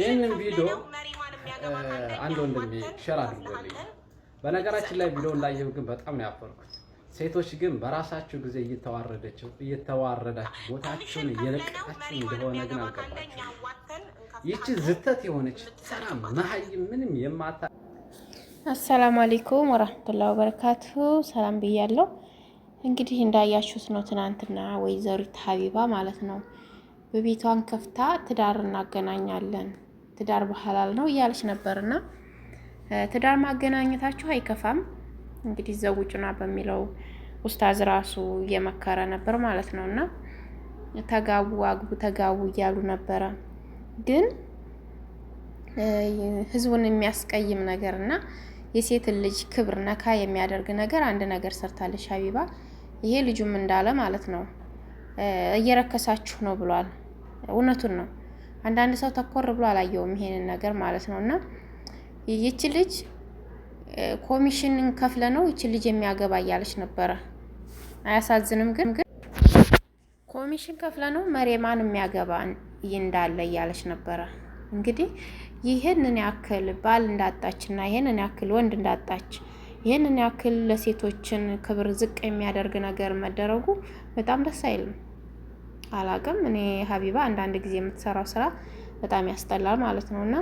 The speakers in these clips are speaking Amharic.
ይህንን ቪዲዮ አንድ ወንድሜ ሸር አድርጎልኝ፣ በነገራችን ላይ ቪዲዮ እንዳየሁ ግን በጣም ነው ያፈርኩት። ሴቶች ግን በራሳችሁ ጊዜ እየተዋረደችው እየተዋረዳችሁ ቦታችሁን እየለቀቃችሁ እንደሆነ ግን አልገባችሁ። ይቺ ዝተት የሆነች ሰላም መሀይ ምንም የማታ አሰላሙ አለይኩም ወራህመቱላሂ ወበረካቱ። ሰላም ብያለሁ። እንግዲህ እንዳያችሁት ነው ትናንትና ወይዘሪት ሀቢባ ማለት ነው በቤቷን ከፍታ ትዳር እናገናኛለን ትዳር ባህላል ነው እያለች ነበርና ትዳር ማገናኘታችሁ አይከፋም እንግዲህ ዘውጭና በሚለው ኡስታዝ ራሱ እየመከረ ነበር ማለት ነው። እና ተጋቡ አግቡ ተጋቡ እያሉ ነበረ። ግን ህዝቡን የሚያስቀይም ነገር እና የሴትን ልጅ ክብር ነካ የሚያደርግ ነገር አንድ ነገር ሰርታለች ሀቢባ። ይሄ ልጁም እንዳለ ማለት ነው እየረከሳችሁ ነው ብሏል። እውነቱን ነው። አንዳንድ ሰው ተኮር ብሎ አላየውም ይሄንን ነገር ማለት ነው። እና ይቺ ልጅ ኮሚሽን ከፍለ ነው ይቺ ልጅ የሚያገባ እያለች ነበረ። አያሳዝንም? ግን ግን ኮሚሽን ከፍለ ነው መሬማን የሚያገባ እንዳለ እያለች ነበረ። እንግዲህ ይህንን ያክል ባል እንዳጣች እና ይህንን ያክል ወንድ እንዳጣች ይህንን ያክል ለሴቶችን ክብር ዝቅ የሚያደርግ ነገር መደረጉ በጣም ደስ አይልም። አላቅም። እኔ ሀቢባ አንዳንድ ጊዜ የምትሰራው ስራ በጣም ያስጠላል ማለት ነው። እና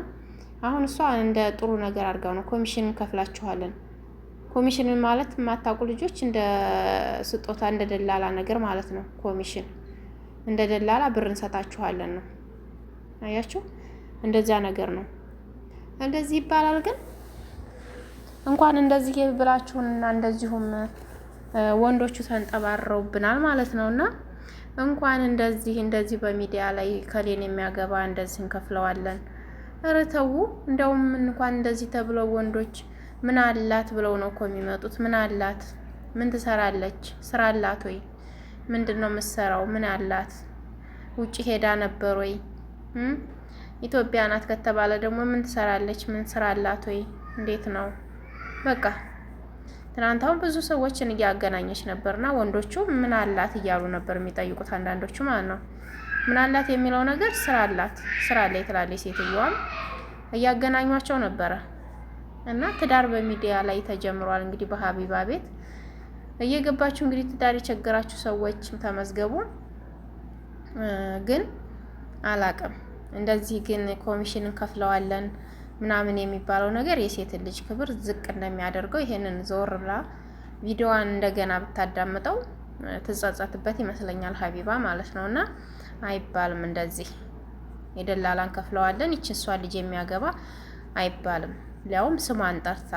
አሁን እሷ እንደ ጥሩ ነገር አድርጋው ነው ኮሚሽን እንከፍላችኋለን። ኮሚሽንን ማለት የማታውቁ ልጆች እንደ ስጦታ እንደ ደላላ ነገር ማለት ነው። ኮሚሽን እንደ ደላላ ብር እንሰጣችኋለን ነው። አያችሁ፣ እንደዚያ ነገር ነው። እንደዚህ ይባላል። ግን እንኳን እንደዚህ ብላችሁንና እንደዚሁም ወንዶቹ ተንጠባረውብናል ማለት ነው እና እንኳን እንደዚህ እንደዚህ በሚዲያ ላይ ከሌን የሚያገባ እንደዚህ እንከፍለዋለን። ኧረ ተው። እንደውም እንኳን እንደዚህ ተብለው ወንዶች ምን አላት ብለው ነው እኮ የሚመጡት። ምን አላት? ምን ትሰራለች? ስራ አላት ወይ? ምንድን ነው የምትሰራው? ምን አላት? ውጭ ሄዳ ነበር ወይ? ኢትዮጵያ ናት ከተባለ ደግሞ ምን ትሰራለች? ምን ስራ አላት ወይ? እንዴት ነው? በቃ ትናንት አሁን ብዙ ሰዎችን እያገናኘች ነበርና ወንዶቹ ምን አላት እያሉ ነበር የሚጠይቁት አንዳንዶቹ ማለት ነው። ምን አላት የሚለው ነገር ስራ አላት ስራ ላይ ትላለች ሴትዮዋም እያገናኟቸው ነበረ እና ትዳር በሚዲያ ላይ ተጀምሯል። እንግዲህ በሀቢባ ቤት እየገባችሁ እንግዲህ ትዳር የቸገራችሁ ሰዎች ተመዝገቡ። ግን አላቅም እንደዚህ ግን ኮሚሽን እንከፍለዋለን ምናምን የሚባለው ነገር የሴትን ልጅ ክብር ዝቅ እንደሚያደርገው ይሄንን ዞር ብላ ቪዲዮዋን እንደገና ብታዳምጠው ትጸጸትበት ይመስለኛል ሀቢባ ማለት ነው። እና አይባልም እንደዚህ የደላላን ከፍለዋለን ይች እሷ ልጅ የሚያገባ አይባልም። ሊያውም ስሟን ጠርታ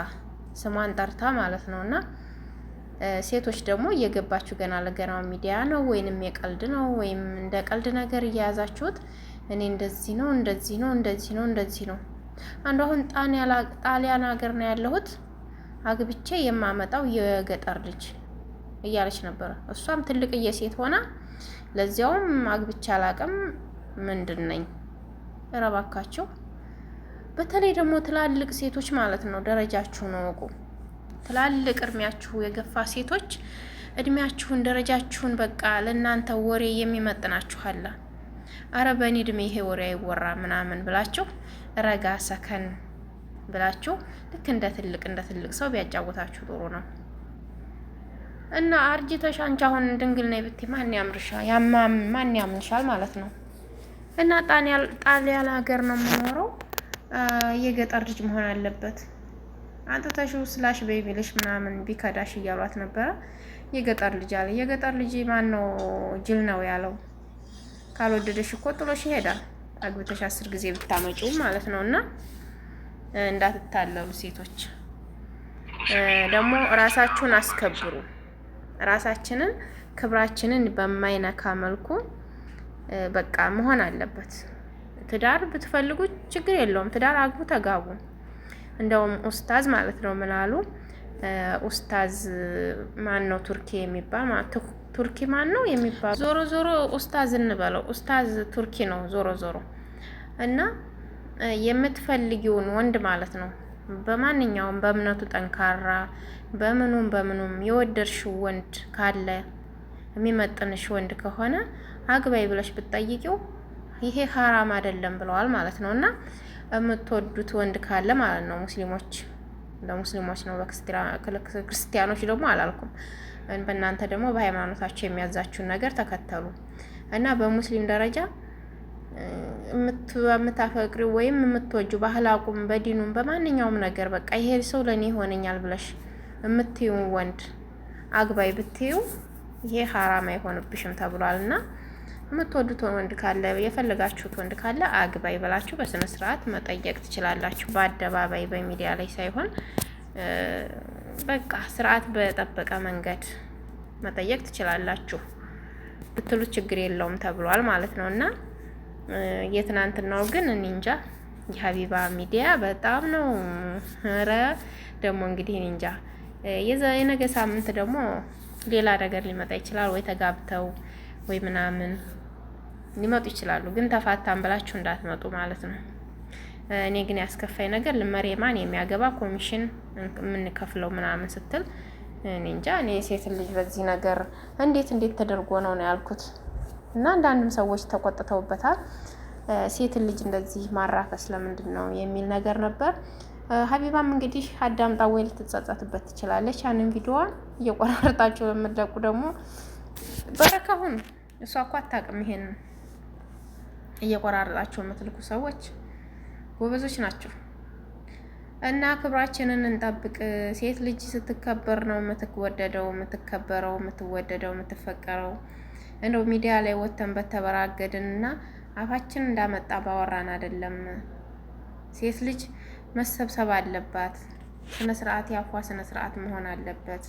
ስሟን ጠርታ ማለት ነው እና ሴቶች ደግሞ እየገባችሁ ገና ለገናው ሚዲያ ነው ወይንም የቀልድ ነው ወይም እንደ ቀልድ ነገር እየያዛችሁት እኔ እንደዚህ ነው እንደዚህ ነው እንደዚህ ነው እንደዚህ ነው አንዱ አሁን ጣሊያን ሀገር ነው ያለሁት አግብቼ የማመጣው የገጠር ልጅ እያለች ነበረ። እሷም ትልቅዬ ሴት ሆና ለዚያውም አግብቼ አላቅም ምንድን ነኝ እረባካቸው። በተለይ ደግሞ ትላልቅ ሴቶች ማለት ነው ደረጃችሁን ወቁ ትላልቅ እድሜያችሁ የገፋ ሴቶች እድሜያችሁን ደረጃችሁን በቃ ለእናንተ ወሬ የሚመጥናችኋላ። አረ በእኔ እድሜ ይሄ ወሬ አይወራ ምናምን ብላችሁ ረጋ ሰከን ብላችሁ ልክ እንደ ትልቅ እንደ ትልቅ ሰው ቢያጫወታችሁ ጥሩ ነው እና አርጅተሽ አንቺ አሁን ድንግል ነይ ብትይ ማን ያማም ማን ያምንሻል ማለት ነው። እና ጣሊያን ሀገር ነው የምኖረው የገጠር ልጅ መሆን አለበት አንተተሽው ስላሽ ቤቢልሽ ምናምን ቢከዳሽ እያሏት ነበረ። የገጠር ልጅ አለ። የገጠር ልጅ ማን ነው ጅል ነው ያለው? ካልወደደሽ እኮ ጥሎሽ ይሄዳል። አግብተሽ አስር ጊዜ ብታመጪው ማለት ነው። እና እንዳትታለሉ ሴቶች ደግሞ ራሳችሁን አስከብሩ። ራሳችንን ክብራችንን በማይነካ መልኩ በቃ መሆን አለበት። ትዳር ብትፈልጉ ችግር የለውም። ትዳር አግቡ፣ ተጋቡ። እንደውም ኡስታዝ ማለት ነው ምናሉ ኡስታዝ ማን ነው ቱርኪ የሚባል ቱርኪ ማን ነው የሚባል ዞሮ ዞሮ ኡስታዝ እንበለው ኡስታዝ ቱርኪ ነው ዞሮ ዞሮ እና የምትፈልጊውን ወንድ ማለት ነው በማንኛውም በእምነቱ ጠንካራ በምኑም በምኑም የወደድሽው ወንድ ካለ የሚመጥንሽ ወንድ ከሆነ አግባይ ብለሽ ብትጠይቂው ይሄ ሀራም አይደለም ብለዋል ማለት ነው። እና የምትወዱት ወንድ ካለ ማለት ነው ሙስሊሞች ለሙስሊሞች ነው፣ ክርስቲያኖች ደግሞ አላልኩም። በእናንተ ደግሞ በሃይማኖታቸው የሚያዛችሁን ነገር ተከተሉ እና በሙስሊም ደረጃ የምታፈቅሪው ወይም የምትወጂው ባህላቁም በዲኑም በማንኛውም ነገር በቃ ይሄ ሰው ለእኔ ይሆነኛል ብለሽ የምትዩ ወንድ አግባይ ብትዩ ይሄ ሀራም አይሆንብሽም ተብሏል። እና የምትወዱት ወንድ ካለ የፈለጋችሁት ወንድ ካለ አግባይ ብላችሁ በስነ ስርዓት መጠየቅ ትችላላችሁ። በአደባባይ በሚዲያ ላይ ሳይሆን በቃ ስርዓት በጠበቀ መንገድ መጠየቅ ትችላላችሁ ብትሉት ችግር የለውም ተብሏል ማለት ነው እና የትናንትናው ግን እኔ እንጃ የሀቢባ ሚዲያ በጣም ነው። ኧረ ደግሞ እንግዲህ እኔ እንጃ የነገ ሳምንት ደግሞ ሌላ ነገር ሊመጣ ይችላል። ወይ ተጋብተው ወይ ምናምን ሊመጡ ይችላሉ። ግን ተፋታን ብላችሁ እንዳትመጡ ማለት ነው። እኔ ግን ያስከፋኝ ነገር ልመሬማን የሚያገባ ኮሚሽን የምንከፍለው ምናምን ስትል እኔ እንጃ። እኔ ሴት ልጅ በዚህ ነገር እንዴት እንዴት ተደርጎ ነው ነው ያልኩት። እና አንዳንድም ሰዎች ተቆጥተውበታል። ሴትን ልጅ እንደዚህ ማራከስ ለምንድን ነው የሚል ነገር ነበር። ሀቢባም እንግዲህ አዳምጣ ወይ ልትጸጸትበት ትችላለች። ያንን ቪዲዮዋን እየቆራረጣችሁ በምትለቁ ደግሞ በረከሁን እሷ እኮ አታውቅም። ይሄን እየቆራረጣችሁ የምትልኩ ሰዎች ጎበዞች ናቸው። እና ክብራችንን እንጠብቅ። ሴት ልጅ ስትከበር ነው የምትወደደው፣ የምትከበረው፣ የምትወደደው፣ የምትፈቀረው እንደው ሚዲያ ላይ ወተን በተበራገድን እና አፋችን እንዳመጣ ባወራን አይደለም። ሴት ልጅ መሰብሰብ አለባት። ስነ ስርዓት ያፏ ስነ ስርዓት መሆን አለበት።